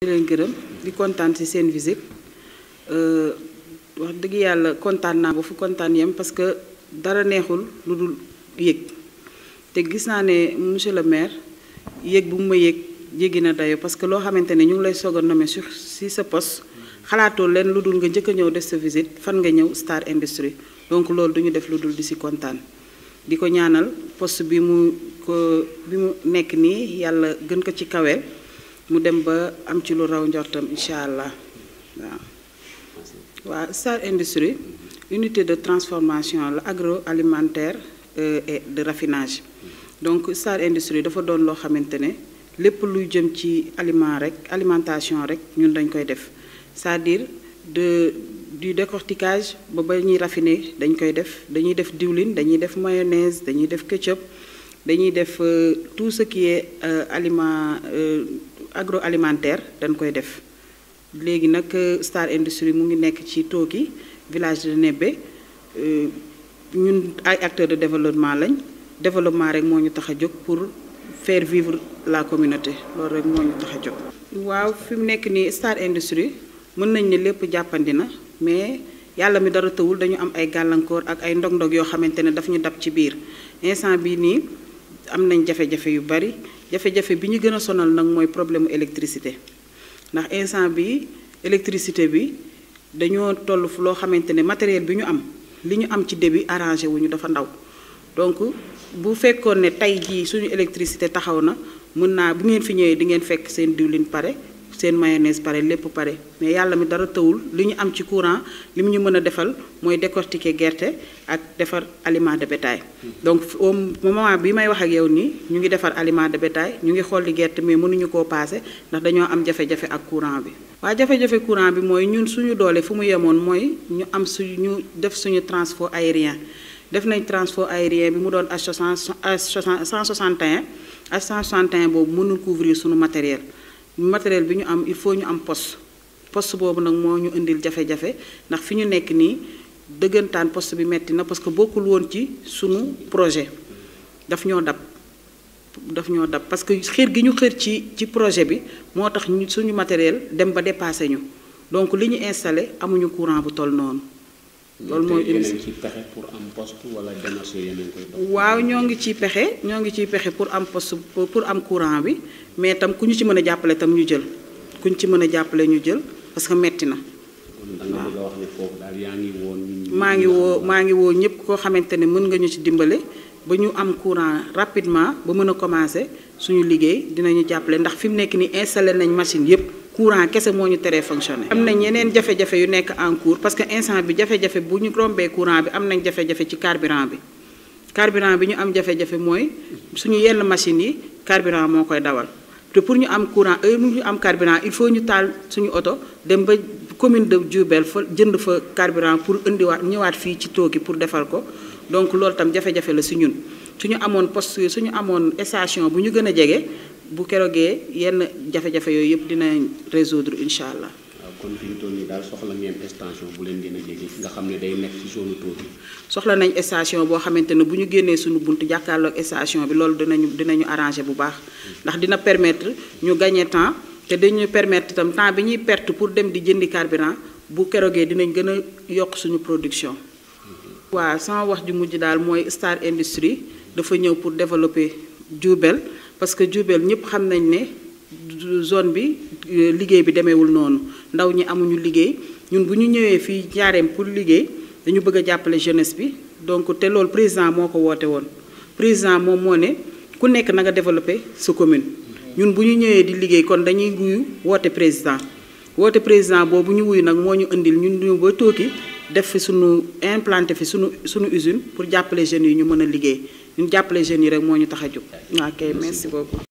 di di kontaan ci seen visite euh, wax dëgg yàlla kontaan naa ba fu kontaan yem parce que dara neexul lu yegg té gis na né monsieur le maire yegg bu ma yegg jéggi dayo parce que lo xamante ñu ngi lay sogal a nommé sur ci ce poste xalaato leen lu nga njëkk ñew ñëw def visite fan nga ñew Star industry donc lool duñu def lu di ci contane diko ñaanal poste bi mu ko bi mu nekk ni yalla gën ko ci kaweel mu dem ba am ci lu raw Star Industrie unité de transformation agroalimentaire euh, et de raffinage donc Star Industrie dafa doon loo xamante ne lépp luy jëm ci aliment rek alimentation rek ñun dañ koy def c'est-à-dire de du décortiquage ba ba ñuy raffiner dañ koy def dañuy def diwlin dañuy def mayonnaise dañuy def ketchup dañuy def euh, tout ce qui est euh, aliment agroalimentaire dañ koy def léegi nak euh, Star industry mu ngi nek ci Tooki village de Nebbe euh, ñun ay acteurs de développement lañ développement rek moo ñu tax pour faire vivre la communauté lool rek moo ñu tax a jóg. waaw fi mu nekk nii Star industry mën nañ ne lepp jàppandi na mais yalla mi dara tëwul dañu am ay galancor ak ay ndog-ndog yo xamantene daf ñu dab ci biir instant bi ni am nañ jafé jafé yu bari jafé jafé biñu gëna sonal nak moy problème électricité ndax instant bi électricité bi dañoo tollu fu loo xamante matériel biñu am liñu am ci début arrangé wuñu dafa ndaw donc bu fekkone tay ji suñu électricité taxaw na mën naa bu ngeen fi ñëwé di ngeen fekk seen diwlin paré seen mayonnaise pare lépp pare mais yàlla mi dara tëwul li ñu am ci courant li mu ñu mën a defal mooy décortiquer gerte ak defar aliment de bétail donc au moment bi may wax ak yow nii ñu ngi defar aliment de bétail ñu ngi xool li gerte mais mënuñu koo paase ndax dañoo am jafe-jafe ak courant bi waa jafe-jafe courant bi mooy ñun suñu doolee fu mu yemoon mooy ñu am suñu def suñu transport aérien def nañ transport aérien bi mu doon H161 H161 boobu mënul couvrir suñu matériel matériel bi ñu am il faut ñu am poste poste boobu nag moo ñu indil jafe-jafe ndax fi ñu nekk nii dëggantaan poste bi metti na parce que bokkul woon ci sunu projet daf ñoo dab daf ñoo dab parce que xër gi ñu xër ci ci projet bi moo tax suñu matériel dem ba dépassé ñu donc li ñu installé amuñu courant bu toll noonu loolu mooy indi ci pexe pour am poste wala waaw ñoo ngi ciy pexe ñoo ngi ciy pexe pour am poste pour am courant bi mais tam ku ñu ci mën a jàppale tam ñu jël ku ñu ci mën a jàppale ñu jël parce que metti na. waaw maa ngi woo maa ngi woo ñëpp koo xamante ne mën nga ñu ci dimbale ba ñu am courant rapidement ba mën a commencer suñu liggéey dinañu jàppale ndax fi mu nekk nii installé nañ machine yëpp. courant kessé moñu téré teree fonctionner. am ñeneen jafé jafé yu nekk en cours parce que instant bi jafé jafé buñu ñu courant bi am jafé jafé ci carburant bi carburant bi ñu am jafé jafé moy suñu yenn machine yi carburant mo koy dawal te pour ñu am courant heure ñu am carburant il faut ñu tal, suñu auto dem ba commune de Diourbel fa jënd fa carburant pour indiwaat ñëwaat fi ci tooki pour defal ko donc loolu tam jafé jafé la suñu suñu amone poste suñu amone station bu ñu gën a bu kerogee yenn jafe-jafe yooyu yëpp dina résoudre incha allah. waaw kon fi ñu toll nii daal soxla ngeen station bu leen gën a jege nga xam ne day nekk ci zone taw soxla nañ station boo xamante ne bu ñu génnee suñu bunt jàkkaarloog station bi loolu dinañu dinañu arranger bu baax ndax dina permettre ñu gagner temps te dañu permettre itam temps bi ñuy perte pour dem di jëndi carburant bu kerogee dinañ gën a yokk suñu production. Mm-hmm. waa sama wax ju mujj daal mooy Star Industrie dafa ñëw pour développer Diourbel. parce que Diourbel ñëpp xam nañ ne zone bi euh, liggéey bi demeewul noonu ndaw ñi amuñu liggéey ñun bu ñu ñëwee fii Njaareem pour liggéey dañu bëgg a jàppale jeunesse bi donc te loolu président moo ko woote woon président moom moo ne ku nekk na nga développé sa commune ñun bu ñu ñëwee di liggéey kon dañuy wuyu woote président woote président boobu ñu wuyu nag moo ñu indil ñun ñu ba tooki def fi suñu implanté fi suñu suñu usine pour jàppale jeunes yi ñu mën a liggéey ñun jàppale jeunes yi rek moo ñu tax a jóg. ok merci beaucoup.